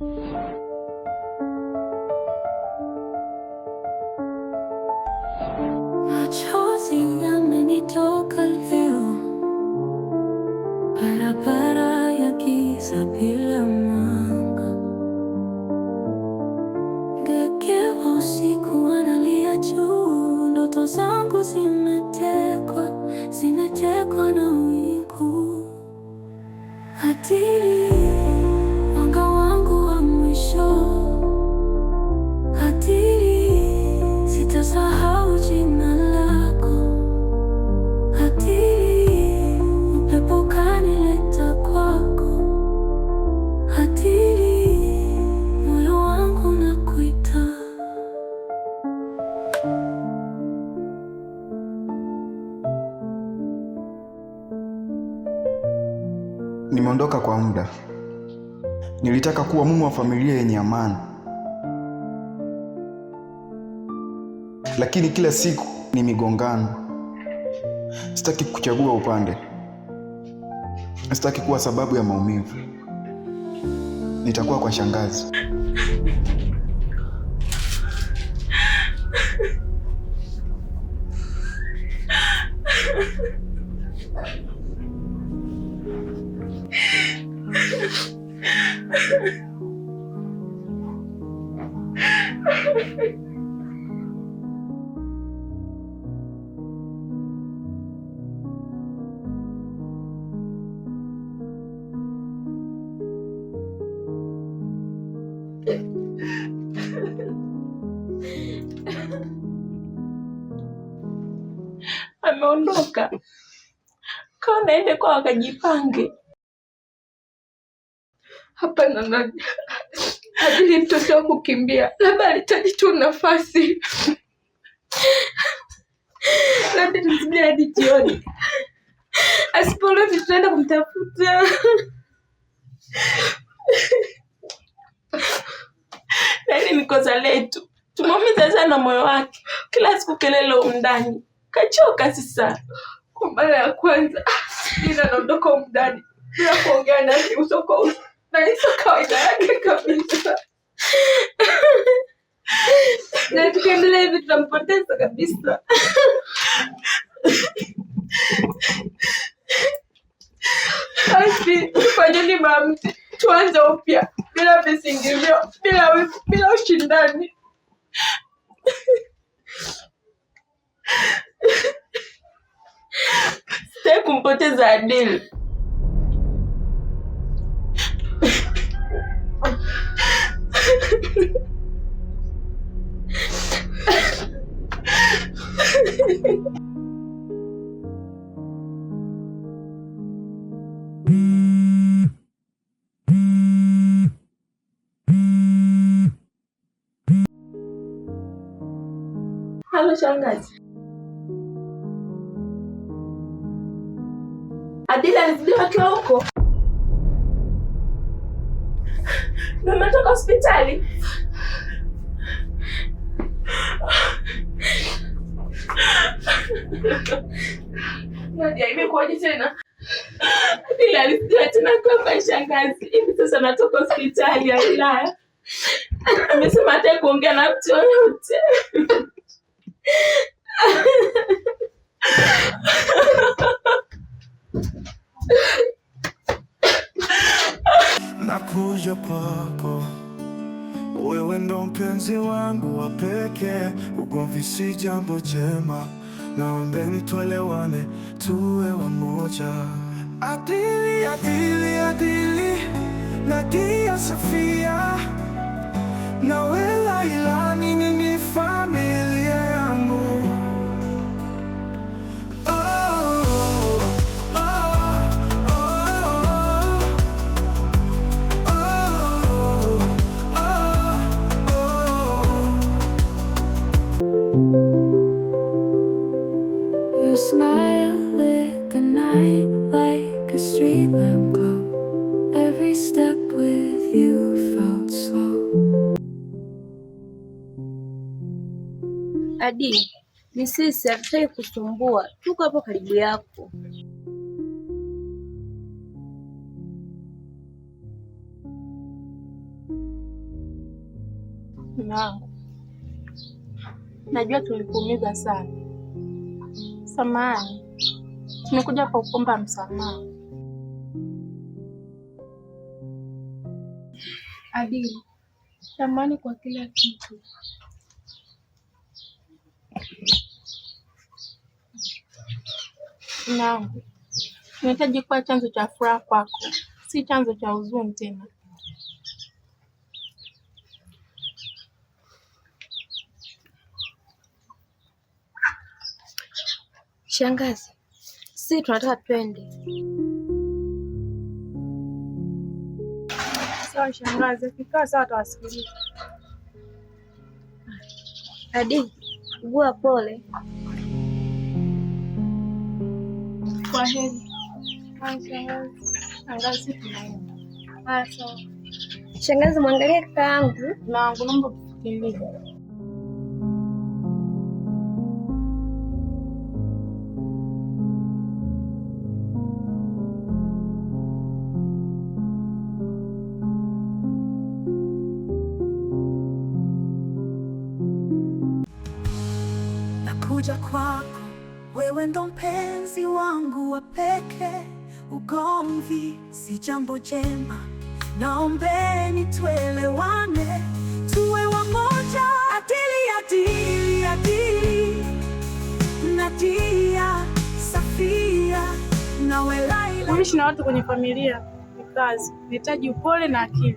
Mm-hmm. niliondoka kwa muda. Nilitaka kuwa mume wa familia yenye amani, lakini kila siku ni migongano. Sitaki kuchagua upande, sitaki kuwa sababu ya maumivu. Nitakuwa kwa shangazi. ameondoka kaa naende kwa wakajipange hapana ajili mtoto wangu kukimbia, labda alihitaji tu nafasi, labda tusubiri hadi jioni, asiporudi tunaenda kumtafuta. Nani ni kosa letu, tumeumiza sana moyo wake, kila siku kelele umndani, kachoka sasa. Kwa mara ya kwanza ina naondoka umndani bila kuongea nasi uso kwa uso, na hizo kawaida yake kabisa na tukiendelea hivi tutampoteza kabisa. Basi fanyeni maamuzi, tuanze upya bila visingizio, bila bila ushindani. Sitaki kumpoteza Adili. Halo shangazi. Adila alizidiwa akiwa huko. Mmetoka hospitali? Nadia, imekuwaje tena? Bila alijua tena maisha shangazi hivi sasa natoka hospitali ya wilaya, amesema hata kuongea na mtu yoyote nakuja pako, wewe ndo mpenzi wangu wa pekee. Ugomvi si jambo jema, naombeni tuelewane, tuwe wamoja. Adili, adili, adili, Nadia Safia na Wela Ilani You smile lit the night like a street lamp glow. Every step with you felt slow. Adi, ni sisi hatutaki kusumbua, tuko hapo karibu yako. Na Najua tulikuumiza sana, samahani. Tumekuja kwa kuomba msamaha. Adili, samahani kwa kila kitu. Naam, tunahitaji kuwa chanzo cha furaha kwako, si chanzo cha huzuni tena. Shangazi, si tunataka twende. Sawa shangazi, akikaa sawa tawasikiliza. Adi, ugua pole. Kwa heri. Shangazi, tunaenda. Haya, sawa. Shangazi, mwangalie kakaangu. Naomba kufikiria. kuja kwako, wewe ndo mpenzi wangu wa pekee. Ugomvi si jambo jema, naombeni tuelewane, tuwe wamoja. Adili, adili, adili. Nadia, Safia na Welaila. Kuishi na watu kwenye familia ni kazi, nahitaji upole na akili.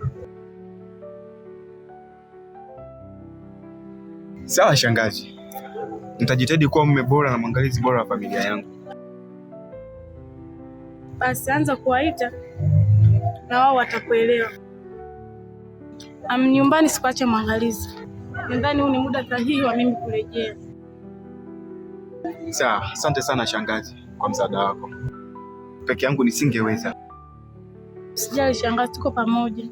Sawa shangazi. Nitajitahidi kuwa mume bora na mwangalizi bora wa familia yangu. Basi anza kuwaita na wao watakuelewa. Amnyumbani nyumbani sikuacha mwangalizi. Nadhani huu ni muda sahihi wa mimi kurejea. Sawa, asante sana shangazi kwa msaada wako. Peke yangu nisingeweza. Sijali shangazi, tuko pamoja.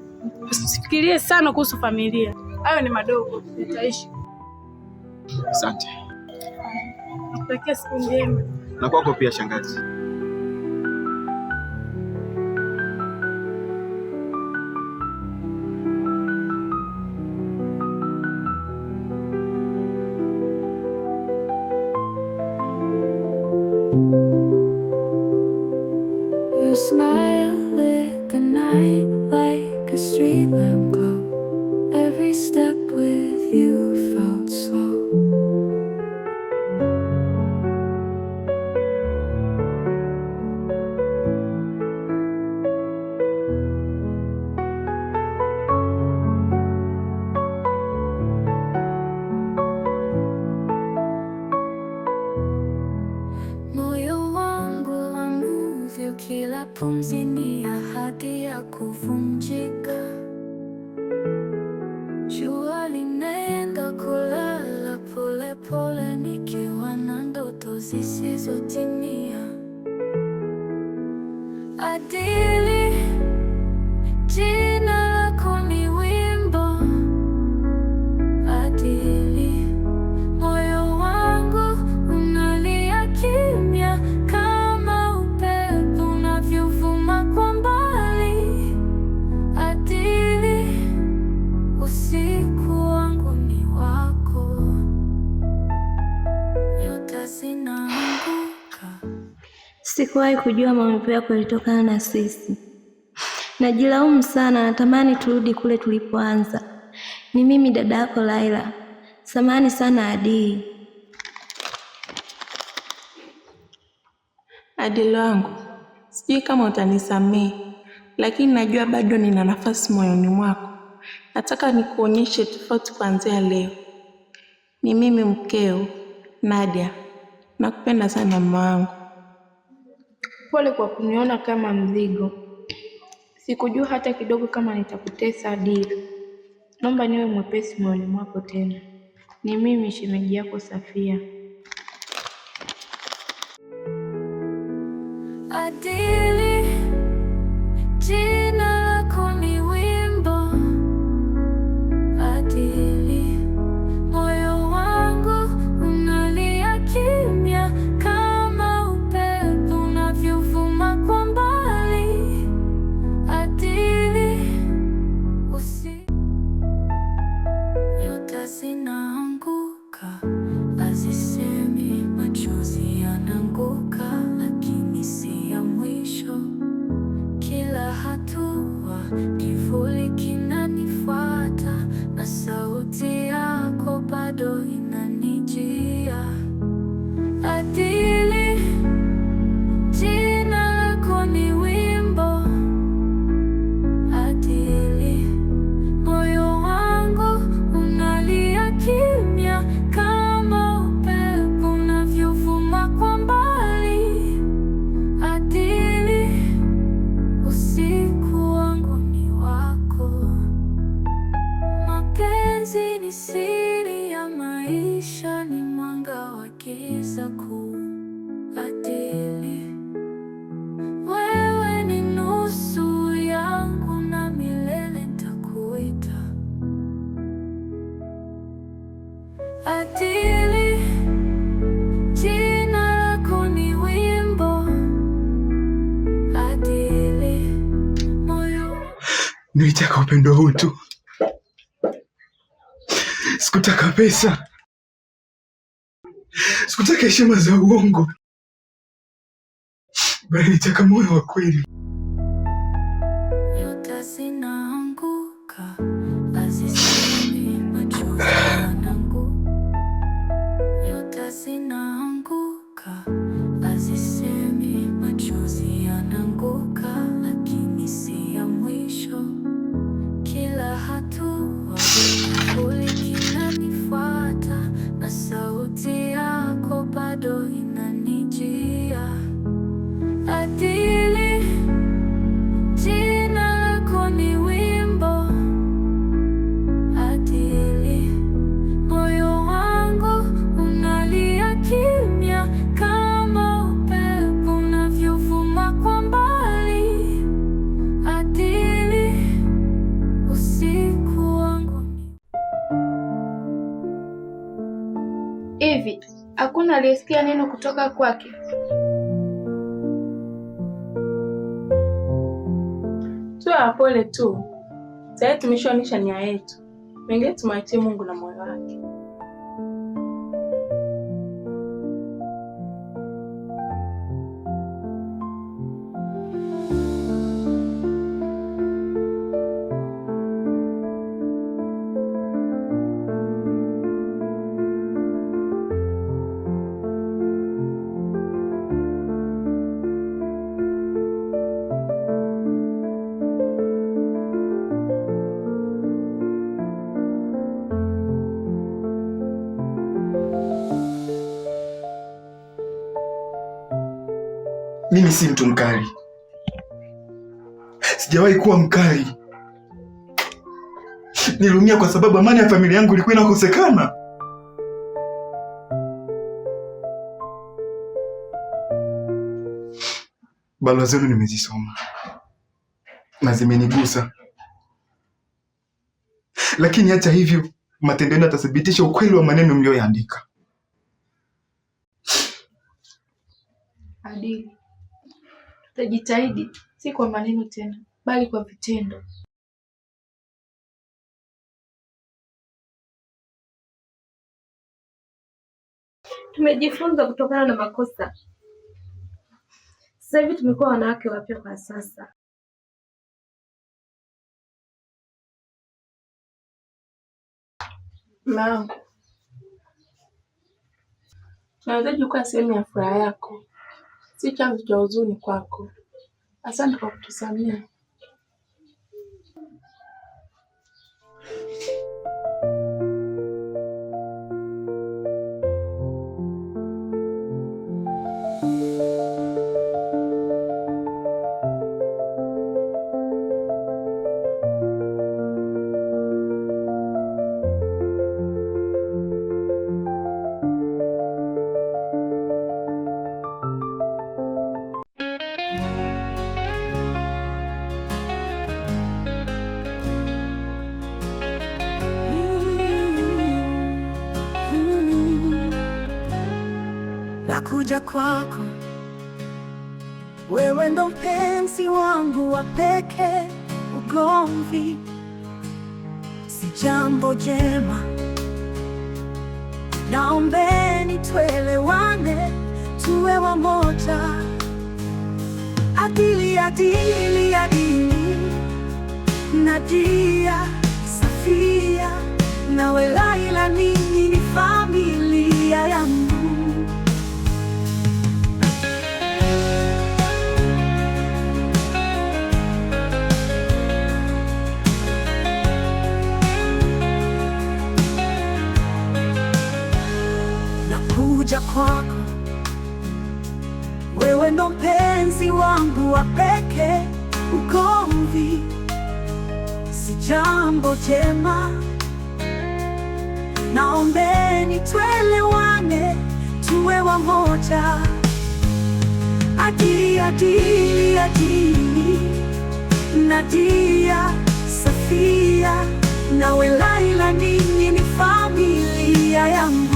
Usifikirie sana kuhusu familia, hayo ni madogo, nitaishi. Asante. Nakutakia siku njema. Na kwako pia shangazi. Kila pumzi ni ahadi ya kuvunjika. Jua linaenda kulala polepole, nikiwa na ndoto zisizotimia. Adieu. Sikuwahi kujua maumivu yako yalitokana na sisi. Najilaumu sana, natamani turudi kule tulipoanza. Ni mimi dada yako Laila. Samahani sana Adili. Adili wangu, sijui kama utanisamehe, lakini najua bado nina nafasi moyoni mwako. Nataka nikuonyeshe tofauti kuanzia leo. Ni mimi mkeo Nadia, nakupenda sana mama wangu. Pole kwa kuniona kama mzigo. Sikujua hata kidogo kama nitakutesa Dira. Naomba niwe mwepesi moyoni mwako tena. Ni mimi shemeji yako Safia. Adil. Nilitaka upendo huu tu, sikutaka pesa, sikutaka heshima za uongo, bali nitaka moyo wa kweli. hakuna aliyesikia neno kutoka kwake. Tuwe wapole tu, tayari tumeshaonyesha nia yetu, wengine tumwachie Mungu na moyo wake. mimi si mtu mkali, sijawahi kuwa mkali. Nilumia kwa sababu amani ya familia yangu ilikuwa inakosekana. Barua zenu nimezisoma na zimenigusa, lakini hata hivyo matendo yenu yatathibitisha ukweli wa maneno mliyoyaandika. Adili, tutajitahidi, si kwa maneno tena, bali kwa vitendo. Tumejifunza kutokana na makosa. Sasa hivi tumekuwa wanawake wapya kwa sasa. Mama, nawezaji kuwa sehemu ya furaha yako si chanzo cha huzuni kwako. Asante kwa kutusamehe. nakuja kwako, wewe ndo mpenzi wangu wa pekee. Ugomvi si jambo jema, naombeni tuelewane, tuwe wamoja. Adili, adili, adili. Nadia, Safia na Welaila ni kwako. Wewe ndo mpenzi wangu wa pekee. Ugomvi si jambo jema, naombeni tuelewane, tuwe wamoja. Adili, adili, adili, Nadia, Safia na Welaila, ninyi ni familia yangu.